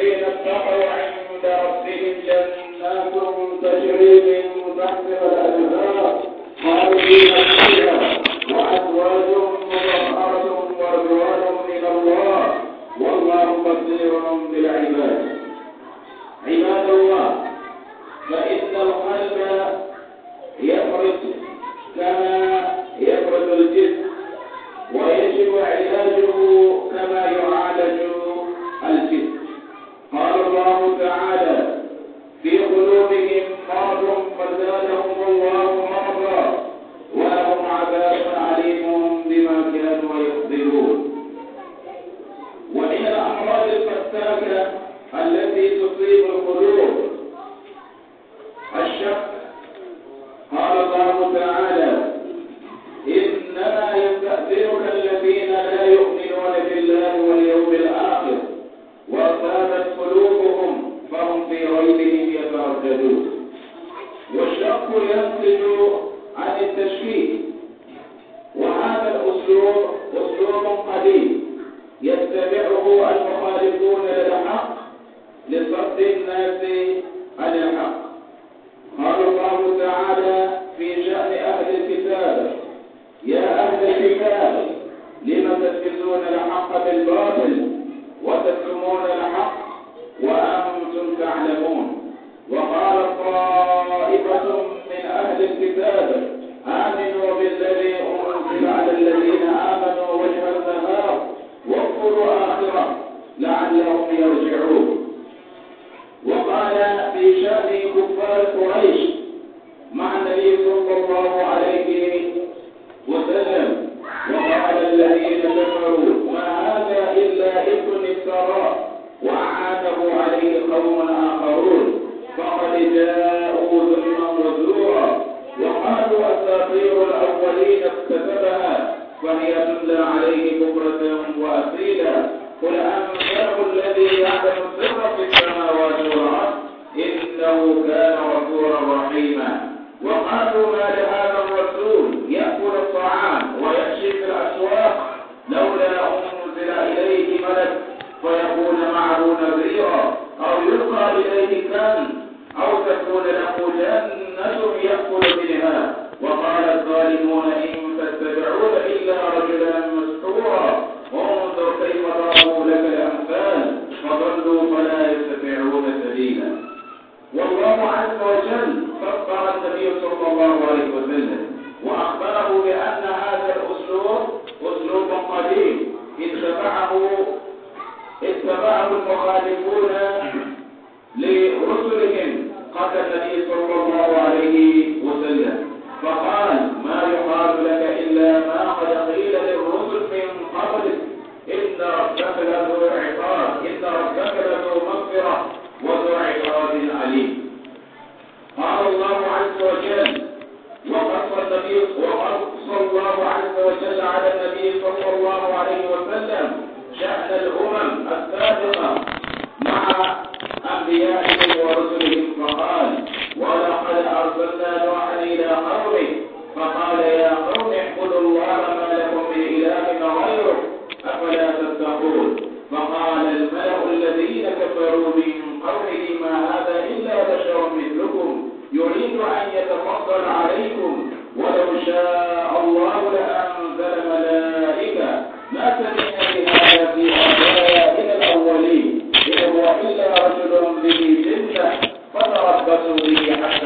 الذين اتقوا عند ربهم جنات تجري من تحتها الأنهار الثراء وأعانه عليه قوم آخرون شاء الله لأنزل ملائكة ما سمعنا بهذا في آبائنا الأولين إن هو إلا رجل به جنة فتربصوا به حتى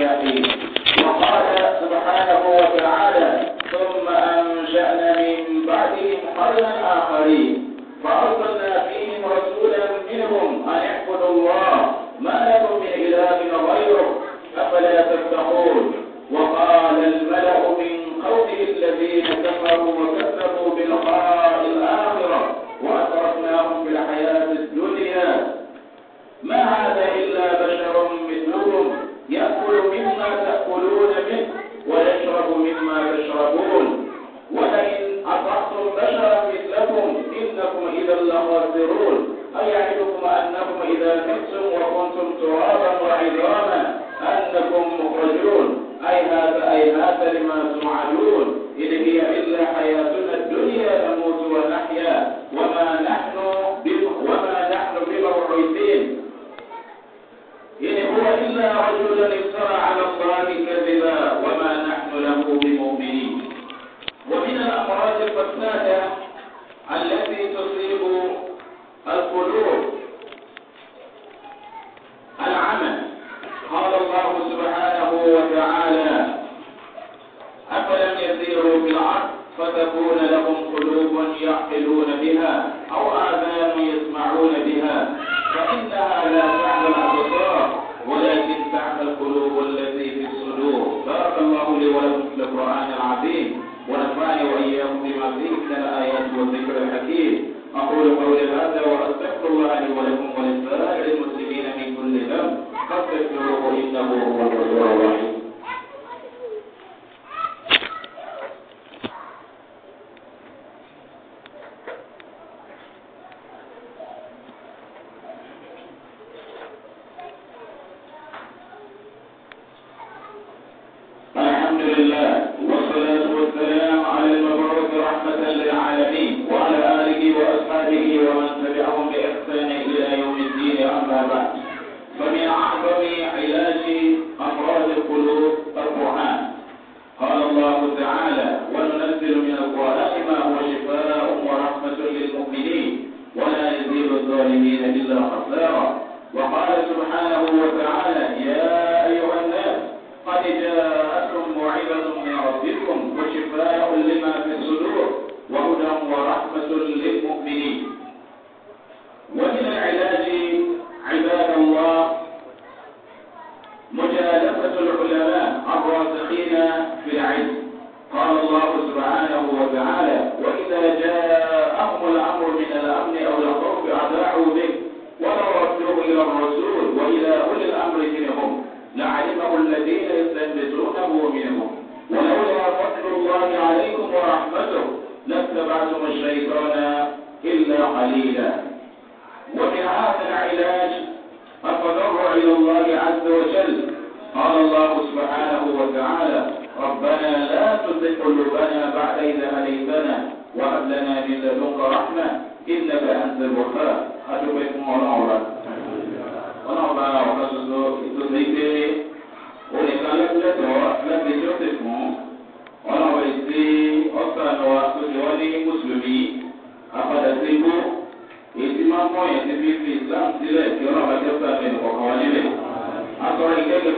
Hallelujah.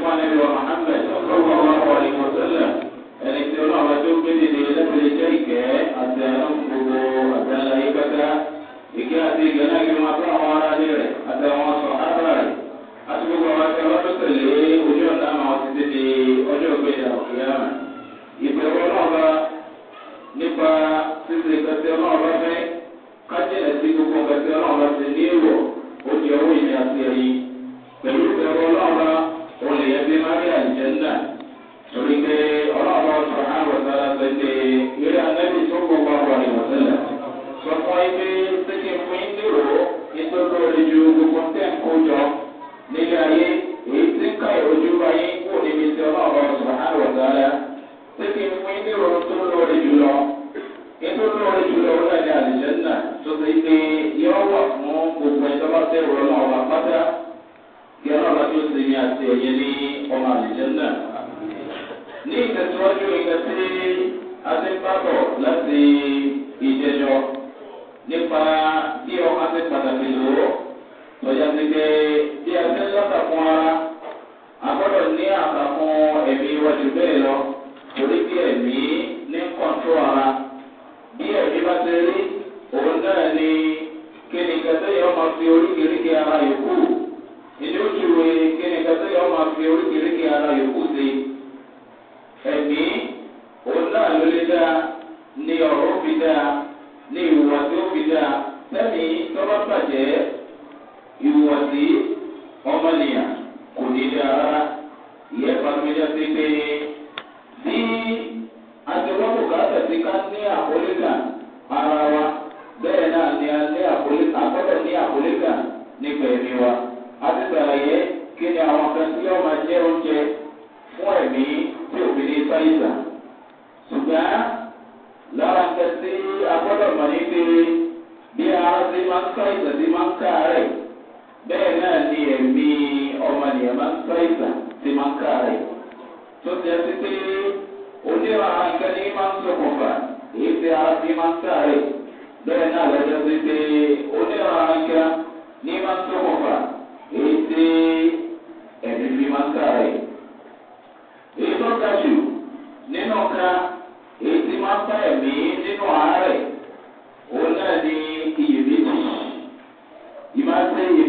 fún anabi wa muhammed ọlọ́wọ́ wa wàlẹ̀ mọ̀sálà ẹni tí ọlọ́wọ́ tó gbé dìde lẹ́gbẹ̀ẹ́ jẹ́ náà kí wọ́n fún àwọn aráàlú rẹ̀. àti ẹ̀yẹ ní ọmọ àlejò náà. ní ìtẹ̀síwájú ìgbà tí a ti ń bábọ̀ láti ìjẹjọ nípa bí ọmọ ti pàtàkì lò ó lọ́jà ti gbé bí a ti ń lọ́tàkùn ara a gbọ́dọ̀ ní àtàkùn ẹ̀mí iwájú bẹ́ẹ̀ lọ torí bí ẹ̀mí ní kọ́ńtró ara bí ẹ̀mí bá ti rí òun náà ni kí ni kẹsẹ́ yẹn ọmọ fi oríkèéríkèé ara yòókù ìní ó ti wòye kíni kẹsẹ́ yọ máa fi oríkèéríkè ara yòókù sí ẹ̀mí òun náà ló lé dáa ní ọ̀rọ̀ fi dáa ní ìhùwàsí ó fi dáa sẹ́mi tọ́lá bàjẹ́ ìhùwàsí ọmọnìyàn kò ní dáa rárá ìyẹn bá mi dá sí pé bí àtiwọ́pù káàtà sí ká ní àkólé kan ara wa bẹ́ẹ̀ náà ni a ní àkólé àkọ́tọ̀ ní àkólé nípa ẹ̀mí wa àti sàlàyé kí ni àwọn kan tí yóò máa jẹ́ oúnjẹ fún ẹ̀mí tí òbí ní sáyìsà. ṣùgbọ́n lára nǹkan tí a gbọ́dọ̀ mọ̀ ní pé bí ara ti máa ń sáyìsà ti máa ń káàárẹ̀ bẹ́ẹ̀ náà ni ẹ̀mí ọmọnìyàn máa ń sáyìsà ti máa ń káàárẹ̀. tó ti ẹ́ sí pé onírà nǹkan ní máa ń sọ̀kọ̀fà èyí tí ara ti máa ń káàárẹ̀ bẹ́ẹ̀ náà lọ́jọ́ sí pé onírà nǹkan ní máa ń sọ̀kọ̀fà tí ẹ̀mí fi máa ń kára yìí. èyí tó ga jù nínú ká èyí tí máa ń bá ẹ̀mí nínú àárẹ̀ òun náà ni iyèméjì. ìmáa ń tẹ́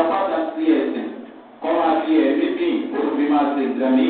apáta sí ẹ̀sìn kọ́ máa fi ẹ̀mí bíi olùfimá ṣe ìdàmì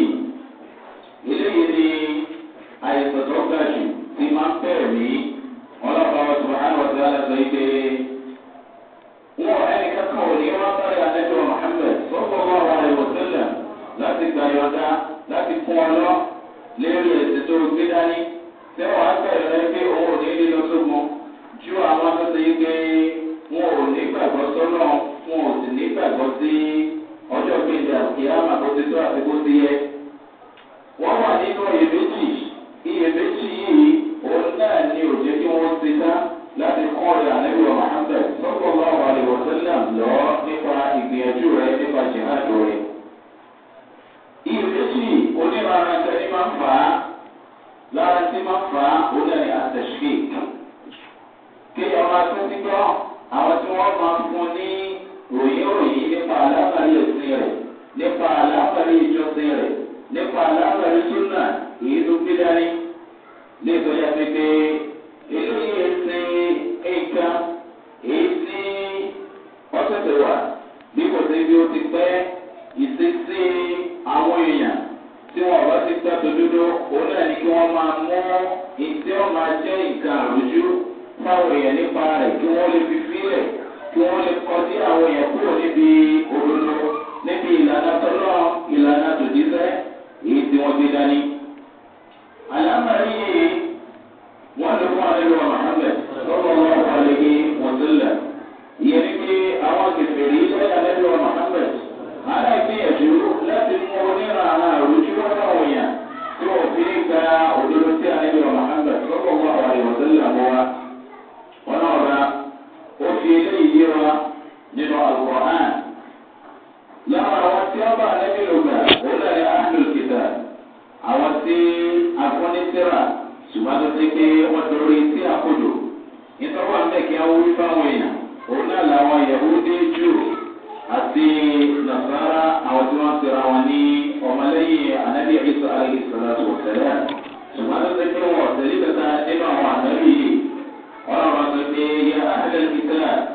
nínú àlùkòrán. lára àwọn tí wọ́n bá lẹ́bí lògbà òun náà ní àádùn kìtà àwọn tí afúnisẹ́ra ṣùgbọ́n tó ti pé wọ́n dorí sí àkójọ. nítorí wọn bẹ̀ kí á wúrí fáwọn èèyàn òun náà làwọn yahudi jù àti nasara àwọn tí wọ́n ti wọn ní ọmọlẹ́yìn anabi isa alayhi salatu wa salam. ṣùgbọ́n tó ti wọ́n tẹ̀lé kẹta nínú àwọn àtàlẹ́ yìí wọ́n làwọn sọ pé yẹ àhàlẹ́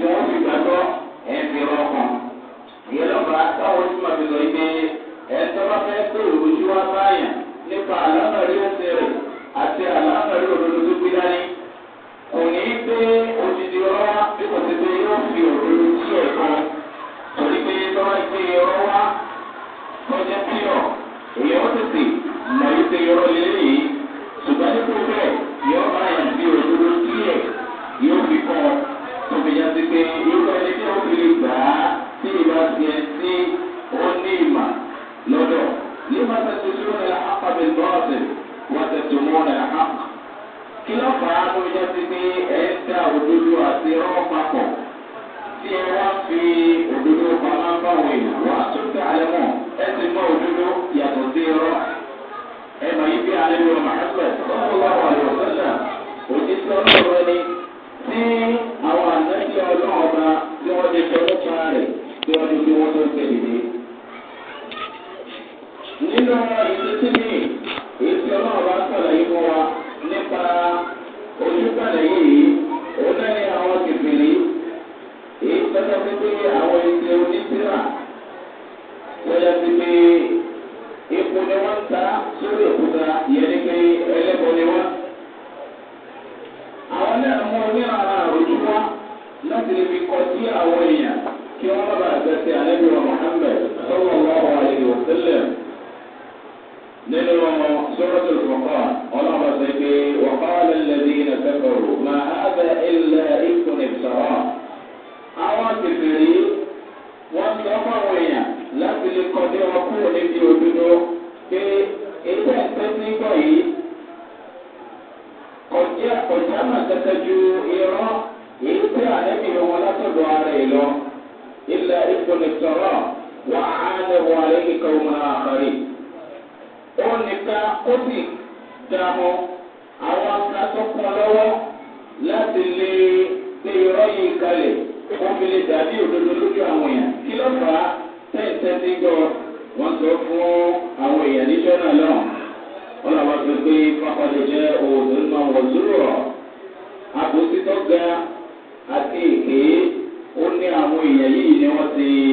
ti sọ nípa rẹ̀ kí wọ́n ti fi wọ́n tó gbé dìde. nínú ó sì dààmú àwọn kan tó kún lọ́wọ́ láti lè gbé irọ́ yìí kalẹ̀ wọ́n fi lè dàbí òdodo lójú àwọn èèyàn kí ló fà á sẹ́yìn sẹ́ńtì gbọ́ wọ́n sọ fún àwọn èèyàn níjọ́ náà lọ́wọ́ wọ́n làwọn fi pé pápákọ̀ jẹ́ òòlù náà wọ́n zúrò àbòsítọ́ ga àti èké ó ní àwọn èèyàn yìí ni wọ́n ti.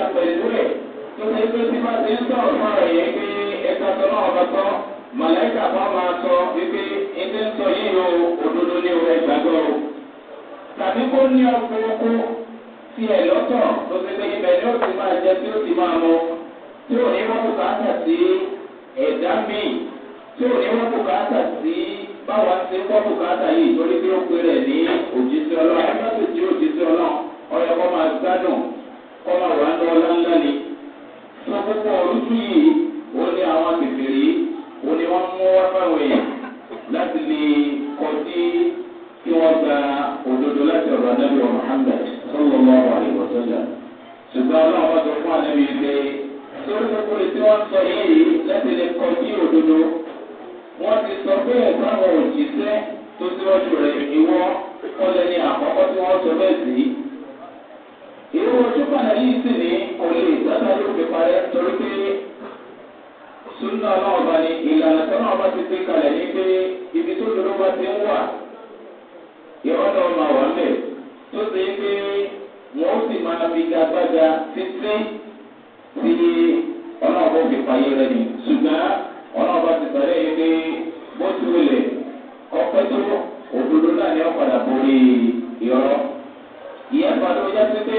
padà pẹ̀lú ẹ̀ tó ṣe pé tí bá ti ń sọ̀rọ̀ fún ọ̀rọ̀ yẹn pé ẹ̀ka tó náà bá tọ́ màláìkà bá máa sọ wípé ẹgbẹ́ ń sọ yìí o òdodo ní o ẹgbàgbọ́ o tàbí kó ní ọkọ̀ oko ti ẹ̀ lọ́tọ̀ tó ṣe pé ibẹ̀ ni ó ti máa jẹ tí ó ti máa mọ tí ò ní wọ́n bùkátà sí ẹ̀dá míì tí ò ní wọ́n bùkátà sí báwa ti ń kọ́ bùkátà yìí torí pé ó pe rẹ̀ ní òjíṣẹ́ ọlọ́run ẹgbẹ́ tó ọmọ wa ní ọlọ́lá ni tó púpọ̀ olúkú yìí ó ní àwọn kékeré ó ní wọ́n mú wá fáwọn èèyàn láti lè kọ́ sí kí wọ́n gba òdodo láti ọ̀rọ̀ adájọ́ muhammed sọ́lọ́mọ́ àríwọ̀ sọ́jà ṣùgbọ́n ọlọ́run wá sọ fún àlẹ́ yìí pé sórí gbogbo tí wọ́n sísànà yìí sì ní kò lè dáná yóò fi parẹ́ torí pé súnà náà bá ní ìlànà tó náà bá ti gbé kalẹ̀ ní pé ibi tó dúró bá ti ń wà ìrọ́lọ́ máa wà ń bẹ̀ tó ṣe é pé wọ́n sì máa fi ga gbága títí tí ọlọ́ọ̀bọ̀ fi pààyè rẹ̀ nì ṣùgbọ́n ọlọ́ọ̀bá ti sọ̀rọ̀ yìí pé bó ti wulẹ̀ ọpẹ́ tó òdodo náà ni ó borí ìrọ́ ìyẹn padà ó yá sí pé.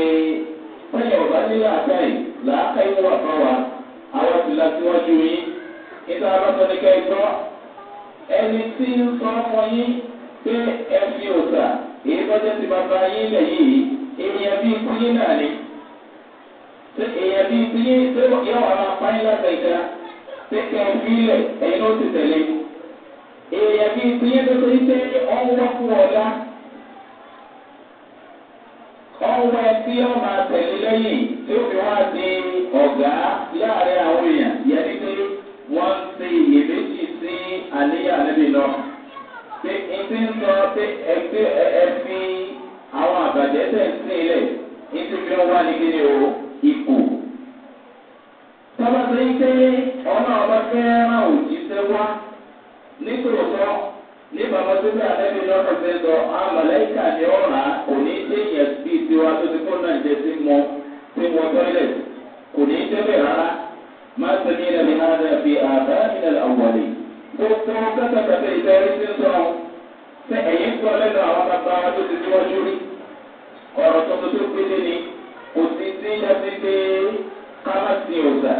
pé pẹ́sẹ̀ ọ̀gá nílẹ̀ àtàyè làákà yín wà fún wa àwọn ti la síwájú yín níta abáṣọ ní ká ẹ gbọ́ ẹni tí ń sọ fún yín pé ẹ fi òòtà èyí tọ́jú ti bàbá yín lẹ̀ yìí èèyàn bíi kúnyín náà ni èèyàn bíi kúnyín tó yẹ wà máa pa yín láti pé kẹ́ ẹ fi lẹ̀ ẹ̀yin ó ti tẹ̀lé èèyàn bíi kúnyín tó ṣe é pé ọ̀n wá fún ọ̀la wá ẹtí ọmọ àtẹ̀lé lẹ́yìn tí ó fi wá di ọ̀gá láàrin àwọn èèyàn yẹn ní pé wọ́n ń ṣe iyèméjì sí àníyàn níbi náà. pé ìdí ń sọ pé ẹgbẹ́ ẹ̀fí àwọn àbàjẹ́ tẹ̀ ń sí ilẹ̀ ìdí fi wá ní kíni o ipò. tọ́ba ṣe ń pé ọ̀nà ọba fẹ́ ràn òjíṣẹ́ wá nítòótọ́ ní bàbá tó bá àlẹ́ mi lọ́kọ̀ọ́ ṣe sọ àmọ̀lẹ́kà ni ọ̀ràn òní tó ti kọ́ náà jẹ sí mọ sí mọ tọ́lẹ̀ kò ní í tẹ́lẹ̀ rárá má sì ní ilẹ̀ nínú àdá fi àbá ilẹ̀ àwọ̀lẹ̀ gbogbo kátàkátà ìtẹ́rí ti sọ ṣé ẹ̀yìn sọ lẹ́nu àwọn bàbá tó ti síwájú rí ọ̀rọ̀ tuntun tó gbélé ni kò sí sí yàtí pé ká má sin òòsà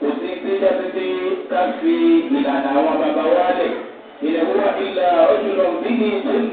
kò sí sí yàtí pé ká fi ìlànà àwọn bàbá wa ìlẹ̀ wúwa ìlà ọjọ́ lọ bí ní ṣe ń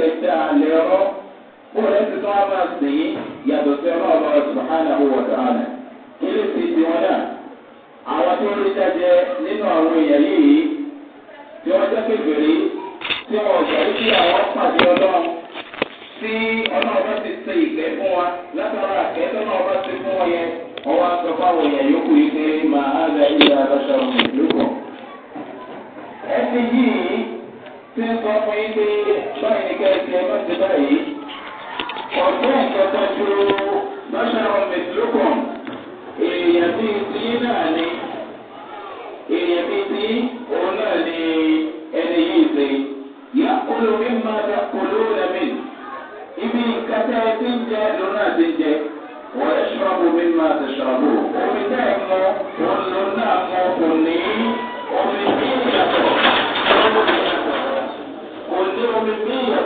lè tẹ àlẹ́ ọ̀rọ̀ bó lè ti tún àmà sí yàtọ̀ sí ọ̀rọ̀ ọ̀rọ̀ ṣùgbọ́n àwọn ọ̀dọ̀ àná. kí lè ti di wọn náà àwọn tó ń rí jáde nínú àwọn èèyàn yìí tí wọ́n jẹ́ kékeré tí wọ́n gbàgbé sí àwọn pàdé ọlọ́run tí ọlọ́run bá ti ṣe ìgbẹ́ fún wa látara àkẹ́ tọ́lọ́run bá ti fún wọn yẹn wọ́n wá fáwọn èèyàn yòókù yìí pé màá gba ilé abáṣọ ọ̀hún ìlú kan. ẹsẹ̀ yìí tí ń sọ fún yín pé báyìí ní kẹ́sì ẹ máa ti báyìí. ọ̀gbọ́n ìkọ̀kọ̀ ju national metrocom èèyàn bíi ti náà ni èèyàn bíi ti òun náà ni ẹni yìí ṣe. yá olómi máa ta olówó lẹ́mí. ibi kata ẹ ti ń jẹ lòun náà ti jẹ. wọ́n ẹ̀ ṣọ́ọ̀bù mi máa ti ṣọ́ọ̀bù. omi tẹ́ ẹ̀ mọ́ òun náà mọ́ òun omi tí ìyàtọ̀. Eu uma menina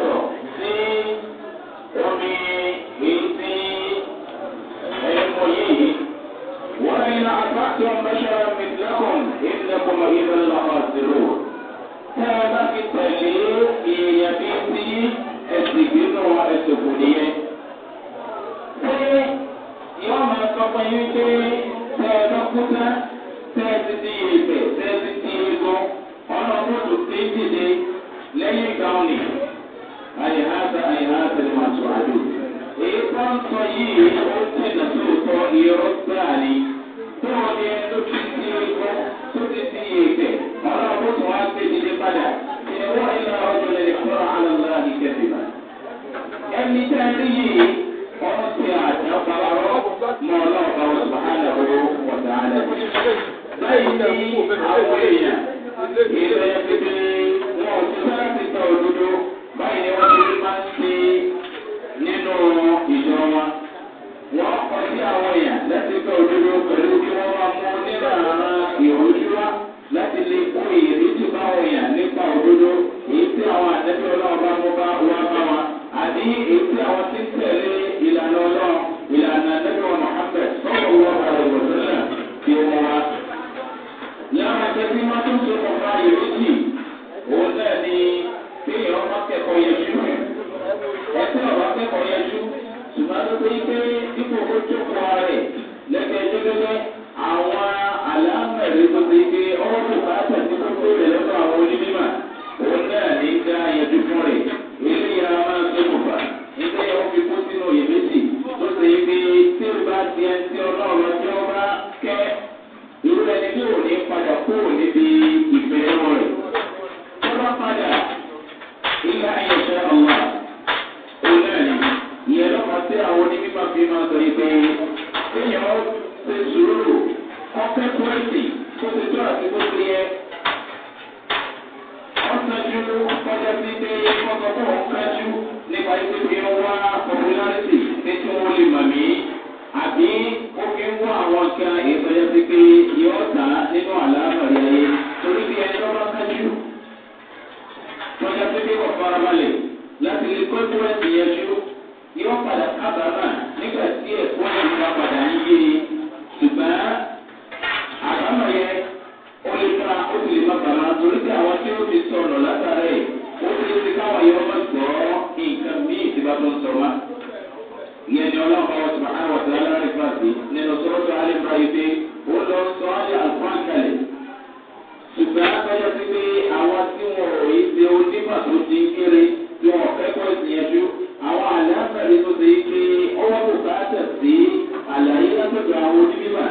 onímọ̀ tó ti kéré tí wọn fẹ́ kọ́ ìgbìyànjú àwọn àlàáfẹ́ rẹ tó ti kéré ọwọ́ kò ká tẹ̀ sí àlàyé látọ̀dọ̀ àwọn onímọ̀.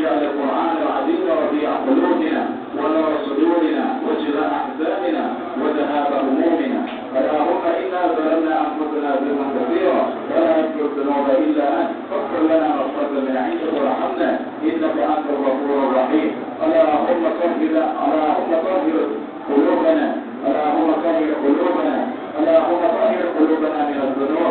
واجعل القرآن العظيم ربيع قلوبنا ونور صدورنا وجلاء أحزاننا وذهاب همومنا اللهم إنا ظلمنا أنفسنا ظلما كثيرا ولا يغفر الذنوب إلا أنت فاغفر لنا مغفرة من عندك وارحمنا إنك أنت الغفور الرحيم اللهم طهر اللهم طهر قلوبنا اللهم طهر قلوبنا اللهم طهر قلوبنا من الذنوب